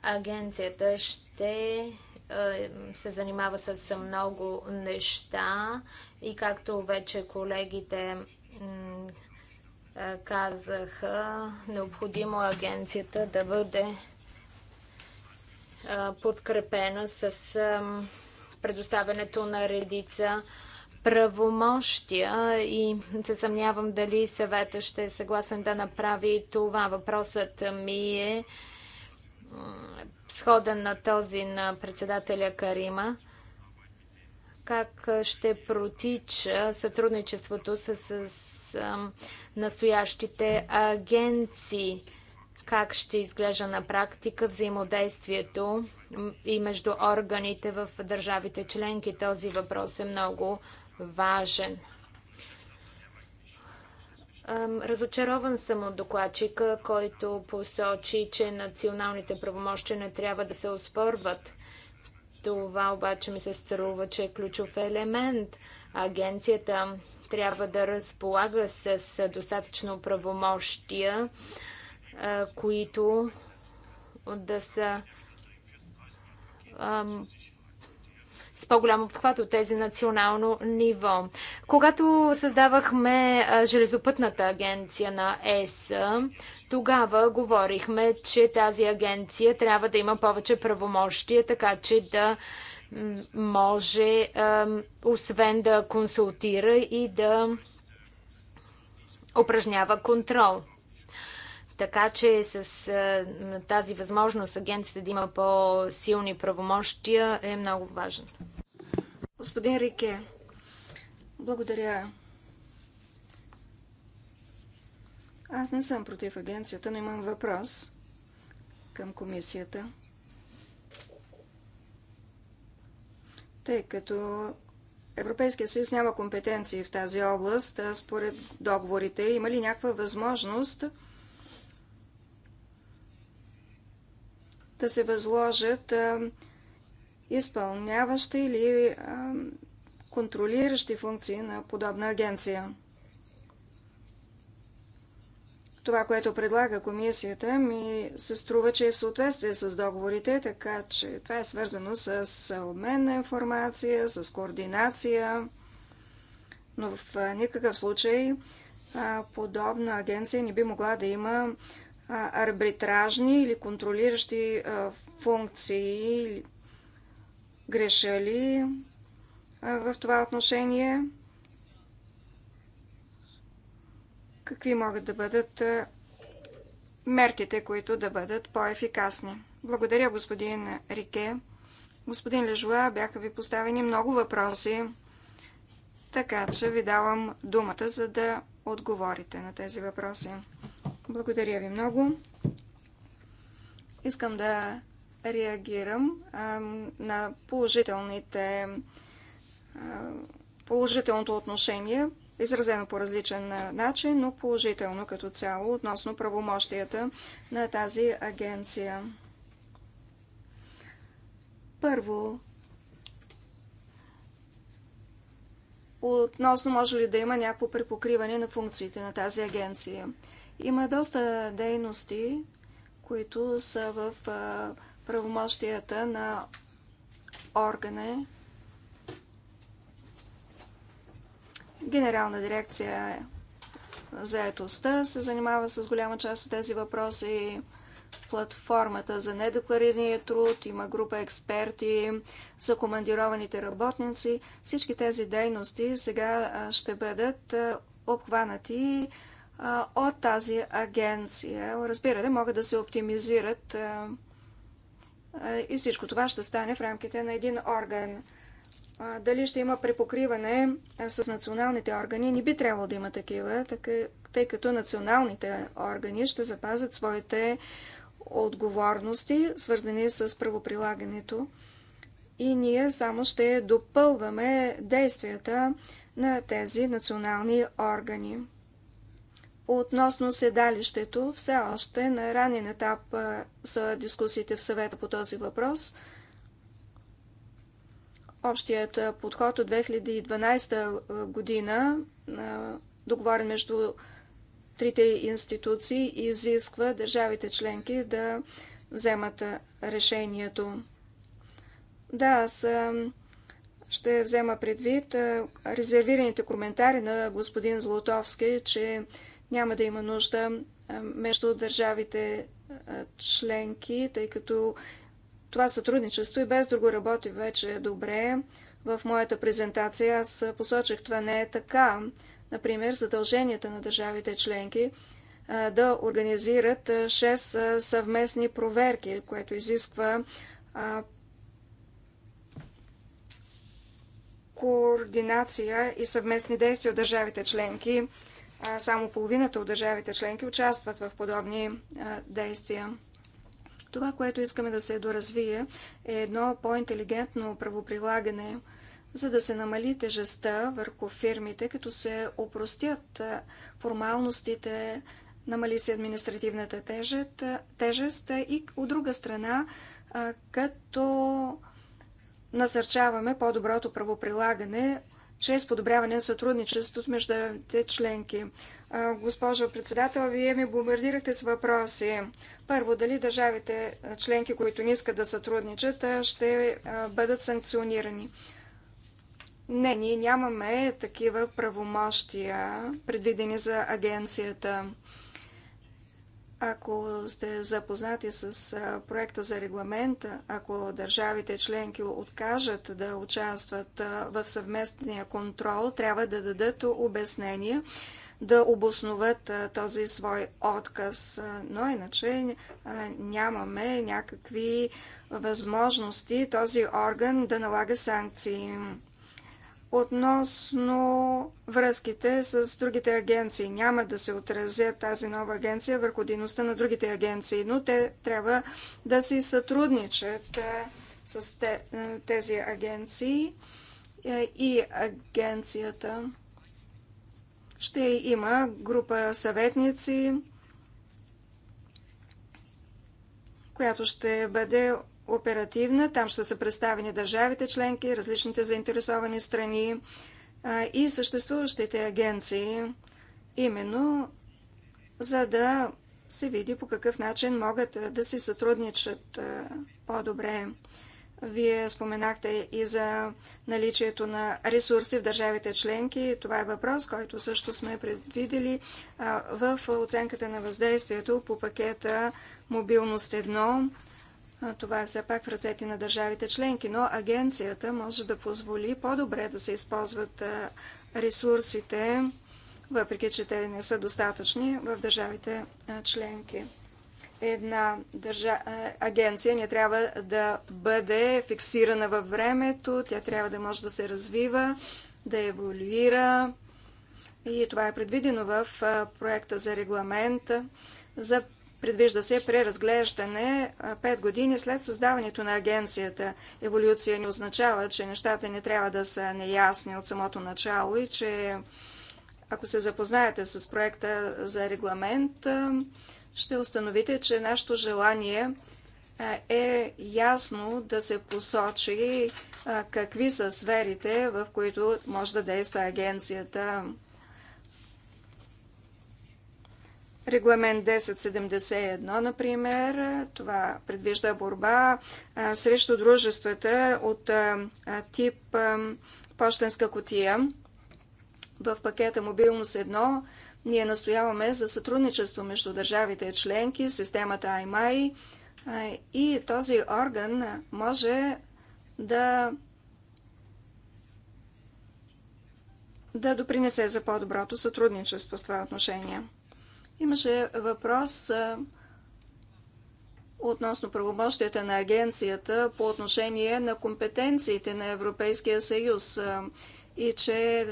Агенцията ще се занимава с много неща и както вече колегите казаха, необходимо е агенцията да бъде подкрепена с предоставянето на редица правомощия и се съмнявам дали съвета ще е съгласен да направи това. Въпросът ми е сходен на този на председателя Карима. Как ще протича сътрудничеството с, с, с настоящите агенции? Как ще изглежда на практика взаимодействието и между органите в държавите членки? Този въпрос е много важен. Разочарован съм от докладчика, който посочи, че националните правомощи не трябва да се оспорват. Това обаче ми се струва, че е ключов елемент. Агенцията трябва да разполага с достатъчно правомощия, които да са с по-голям обхват от тези национално ниво. Когато създавахме железопътната агенция на ЕС, тогава говорихме, че тази агенция трябва да има повече правомощия, така че да може, освен да консултира и да упражнява контрол. Така че с тази възможност агенцията да има по-силни правомощия е много важна. Господин Рике, благодаря. Аз не съм против агенцията, но имам въпрос към комисията. Тъй като Европейския съюз няма компетенции в тази област, според договорите, има ли някаква възможност да се възложат изпълняващи или а, контролиращи функции на подобна агенция. Това, което предлага комисията, ми се струва, че е в съответствие с договорите, така че това е свързано с обмен на информация, с координация, но в никакъв случай подобна агенция не би могла да има арбитражни или контролиращи функции греша ли в това отношение? Какви могат да бъдат мерките, които да бъдат по-ефикасни? Благодаря, господин Рике. Господин Лежуа, бяха ви поставени много въпроси, така че ви давам думата, за да отговорите на тези въпроси. Благодаря ви много. Искам да реагирам а, на положителните, а, положителното отношение, изразено по различен начин, но положително като цяло относно правомощията на тази агенция. Първо, относно може ли да има някакво препокриване на функциите на тази агенция. Има доста дейности, които са в правомощията на органа Генерална дирекция заетостта се занимава с голяма част от тези въпроси. Платформата за недекларирания труд, има група експерти за командированите работници. Всички тези дейности сега ще бъдат обхванати от тази агенция. Разбирате, могат да се оптимизират и всичко това ще стане в рамките на един орган. Дали ще има препокриване с националните органи, не би трябвало да има такива, тъй като националните органи ще запазят своите отговорности, свързани с правоприлагането. И ние само ще допълваме действията на тези национални органи. Относно седалището, все още на ранен етап са дискусиите в съвета по този въпрос. Общият подход от 2012 година, договорен между трите институции, изисква държавите членки да вземат решението. Да, аз ще взема предвид резервираните коментари на господин Златовски, че няма да има нужда между държавите членки, тъй като това сътрудничество и без друго работи вече е добре. В моята презентация аз посочих, това не е така. Например, задълженията на държавите членки да организират 6 съвместни проверки, което изисква координация и съвместни действия от държавите членки само половината от държавите членки участват в подобни действия. Това, което искаме да се доразвие, е едно по-интелигентно правоприлагане, за да се намали тежестта върху фирмите, като се опростят формалностите, намали се административната тежест, тежест и от друга страна, като насърчаваме по-доброто правоприлагане чрез подобряване на сътрудничеството между те членки. Госпожо председател, вие ми бомбардирахте с въпроси. Първо, дали държавите членки, които не искат да сътрудничат, ще бъдат санкционирани? Не, ние нямаме такива правомощия, предвидени за агенцията. Ако сте запознати с проекта за регламент, ако държавите членки откажат да участват в съвместния контрол, трябва да дадат обяснение, да обосноват този свой отказ. Но иначе нямаме някакви възможности този орган да налага санкции относно връзките с другите агенции. Няма да се отразя тази нова агенция върху дейността на другите агенции, но те трябва да си сътрудничат е, с е, тези агенции е, и агенцията. Ще има група съветници, която ще бъде оперативна. Там ще са представени държавите членки, различните заинтересовани страни и съществуващите агенции, именно за да се види по какъв начин могат да си сътрудничат по-добре. Вие споменахте и за наличието на ресурси в държавите членки. Това е въпрос, който също сме предвидели в оценката на въздействието по пакета Мобилност 1. Това е все пак в ръцете на държавите членки, но агенцията може да позволи по-добре да се използват ресурсите, въпреки че те не са достатъчни в държавите членки. Една държа... агенция не трябва да бъде фиксирана във времето, тя трябва да може да се развива, да еволюира. И това е предвидено в проекта за регламент за Предвижда се преразглеждане 5 години след създаването на агенцията. Еволюция не означава, че нещата не трябва да са неясни от самото начало и че ако се запознаете с проекта за регламент, ще установите, че нашето желание е ясно да се посочи какви са сферите, в които може да действа агенцията. Регламент 1071, например, това предвижда борба а, срещу дружествата от а, тип а, почтенска котия. В пакета Мобилност 1 ние настояваме за сътрудничество между държавите членки, системата IMAI и този орган може да да допринесе за по-доброто сътрудничество в това отношение. Имаше въпрос относно правомощията на агенцията по отношение на компетенциите на Европейския съюз и че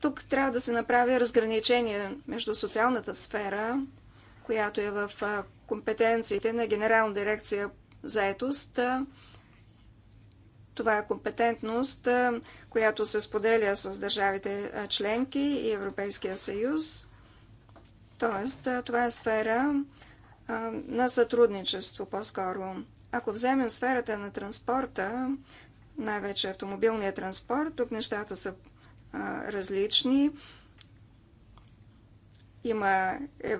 тук трябва да се направи разграничение между социалната сфера, която е в компетенциите на Генерална дирекция заетост. Това е компетентност, която се споделя с държавите членки и Европейския съюз. Тоест, това е сфера на сътрудничество по-скоро. Ако вземем сферата на транспорта, най-вече автомобилния транспорт, тук нещата са различни. Има е,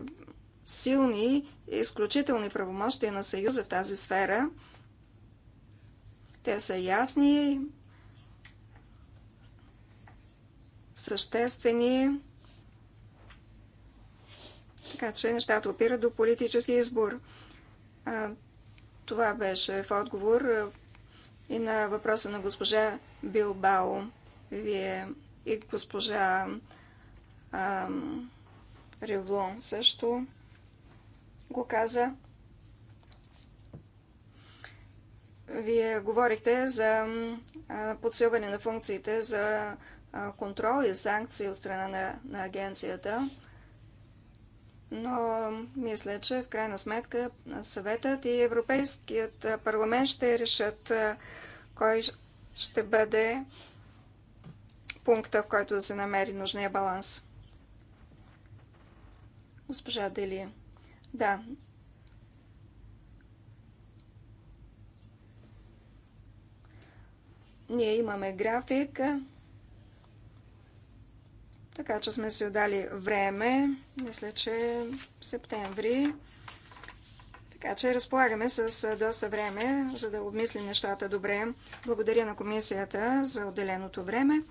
силни и изключителни правомощия на Съюза в тази сфера. Те са ясни, съществени така че нещата опират до политически избор. Това беше в отговор и на въпроса на госпожа Билбао. Вие и госпожа ам, Ревлон също го каза. Вие говорихте за подсилване на функциите за контрол и санкции от страна на, на агенцията но мисля, че в крайна сметка съветът и Европейският парламент ще решат кой ще бъде пункта, в който да се намери нужния баланс. Госпожа Дели, да. Ние имаме график. Така че сме си дали време. Мисля, че септември. Така че разполагаме с доста време, за да обмислим нещата добре. Благодаря на комисията за отделеното време.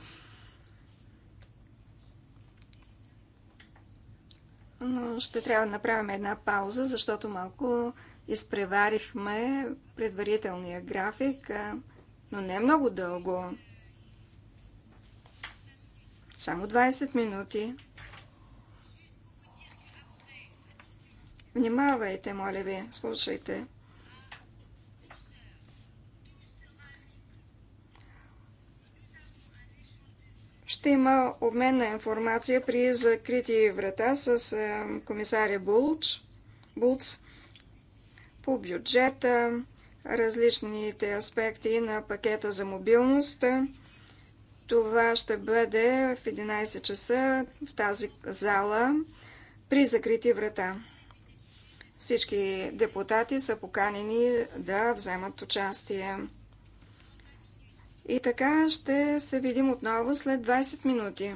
Но ще трябва да направим една пауза, защото малко изпреварихме предварителния график, но не много дълго. Само 20 минути. Внимавайте, моля ви, слушайте. Ще има обмен на информация при закрити врата с е, комисаря Булч, Булц по бюджета, различните аспекти на пакета за мобилност. Това ще бъде в 11 часа в тази зала при закрити врата. Всички депутати са поканени да вземат участие. И така ще се видим отново след 20 минути.